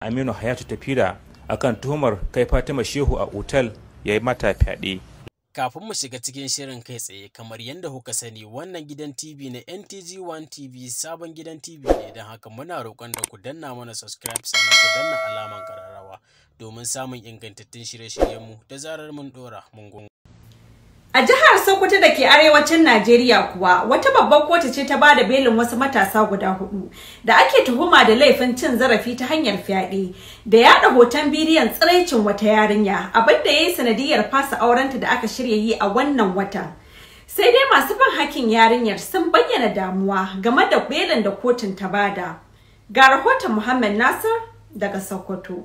aminu hayatu tafira akan tuhumar kai fatima shehu a otal ya yi mata fyaɗe kafin mu shiga cikin shirin kai tsaye kamar yadda kuka sani wannan gidan tv na ntg 1 tv sabon gidan tv ne don haka muna roƙon da ku danna mana subscribe sannan ku danna alaman kararrawa domin samun ingantattun shirye-shiryenmu da zarar mun ɗora mun Sokoto da ke arewacin Najeriya kuwa wata babbar kotu ce ta bada belin wasu matasa guda hudu da ake tuhuma da laifin cin zarafi ta hanyar fyaɗe da yaɗa hoton bidiyon tsiraicin wata yarinya abinda ya yi sanadiyar fasa aurenta da aka shirya yi a wannan wata. Sai dai masu bin hakkin yarinyar sun bayyana damuwa game da belin da kotun ta bada. Ga rahoton Muhammad Nasir daga Sokoto.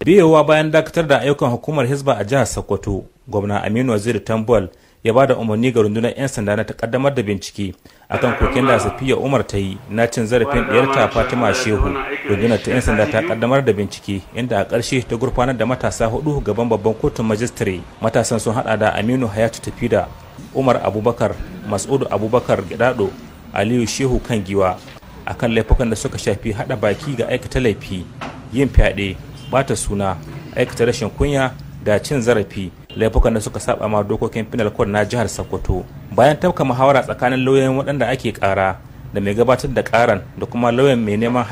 Biyowa bayan dakatar da ayyukan hukumar Hizba a jihar Sokoto, Gwamna Aminu Waziri Tambol ya ba da umarni ga rundunar 'yan sanda na takaddamar da bincike akan kokin da safiya umar ta yi na cin zarafin ɗiyarta fatima shehu rundunar ta 'yan sanda ta kaddamar da bincike inda a ƙarshe ta gurfanar da matasa hudu gaban babban kotun majistare matasan sun hada da aminu hayatu tafida umar abubakar mas'udu abubakar gidado aliyu shehu kan giwa akan laifukan da suka shafi hada baki ga aikata laifi yin fyaɗe bata suna aikata rashin kunya da cin zarafi laifukan da suka saba ma dokokin penal code na jihar sokoto bayan tafka muhawara tsakanin lauyoyin waɗanda ake ƙara da mai gabatar da ƙaran da kuma lauyan mai neman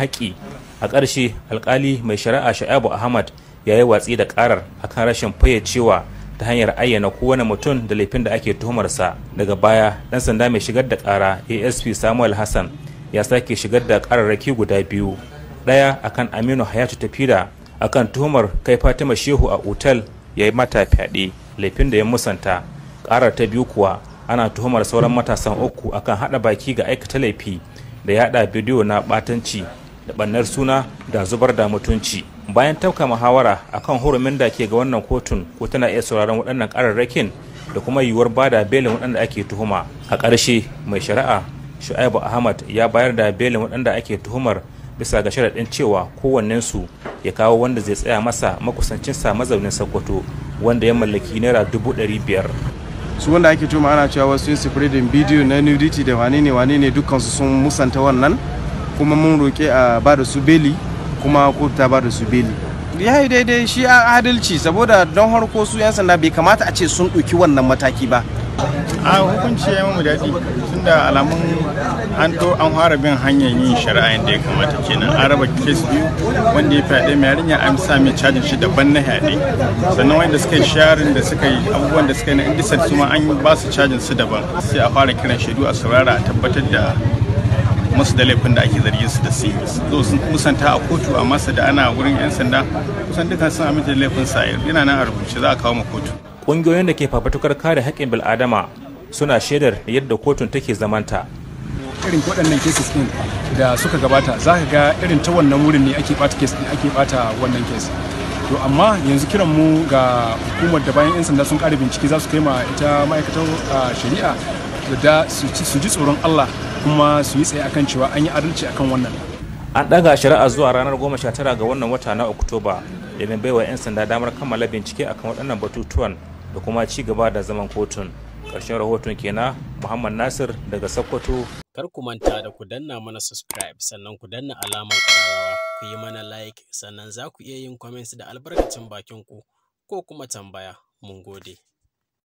haƙƙi a ƙarshe alƙali mai shari'a sha'abu ahmad ya yi watsi da ƙarar akan rashin fayyacewa ta hanyar ayyana kowane mutum da laifin da ake tuhumarsa daga baya ɗan sanda mai shigar da ƙara asp samuel hassan ya sake shigar da ƙararraki guda biyu ɗaya akan aminu hayatu tafida akan tuhumar kai fatima shehu a otal ya yi mata fyaɗe laifin da ya musanta ƙarar ta biyu kuwa ana tuhumar sauran matasan uku akan haɗa baki ga aikata laifi da yaɗa bidiyo na ɓatanci da ɓannar suna da zubar da mutunci bayan tafka muhawara akan hurumin da ke ga wannan kotun ko tana iya sauraron waɗannan ƙararrakin da kuma yiwuwar ba da belin waɗanda ake tuhuma a ƙarshe mai shari'a shu'aibu ahmad ya bayar da belin waɗanda ake tuhumar bisa ga sharaɗin cewa kowannensu ya kawo wanda zai tsaya masa makusancinsa mazaunin sokoto wanda ya mallaki naira dubu ɗari biyar su wanda ake tuma ana cewa wasu yin bidiyo na nudity da wane ne wane ne dukkansu sun musanta wannan kuma mun roƙe a ba da su beli kuma kota ta ba da su beli ya yi daidai shi adalci saboda don harko su 'yan sanda bai kamata a ce sun ɗauki wannan mataki ba a hukunci ya mu daɗi tun da alamun an to an fara bin hanyar yin shari'a da ya kamata kenan an raba kes biyu wanda ya fyaɗe mai yarinya an sa cajin shi daban na haɗe sannan wanda suka yi sharin da suka yi abubuwan da suka yi na indisar su ma an ba su cajin su daban sai a fara kiran shaidu a saurara a tabbatar da masu da laifin da ake zargin su da su zo sun musanta a kotu amma su da ana wurin 'yan sanda kusan duka sun amince da laifin sa yana nan a rubuce za a kawo ma kotu ƙungiyoyin da ke fafatukar kare haƙƙin bil'adama suna shaidar yadda kotun take zamanta irin waɗannan cases ɗin da suka gabata za ka ga irin ta wannan wurin ne ake ɓata case ake ɓata wannan case to amma yanzu kiran mu ga hukumar da bayan 'yan sanda sun ƙara bincike za su kai ma ita ma'aikatar ah, shari'a da su ji tsoron Allah kuma su yi tsaye akan cewa an yi adalci akan wannan an ɗaga shari'a zuwa ranar 19 ga wannan wata na oktoba domin baiwa 'yan sanda damar kammala bincike akan waɗannan batutuwan da kuma ci gaba da zaman kotun karshen rahoton kenan muhammad nasir daga sokoto kar ku manta da ku danna mana subscribe sannan ku danna alamar ƙararrawa ku yi mana like sannan za ku iya yin comments da albarkacin bakin ku ko kuma tambaya mun gode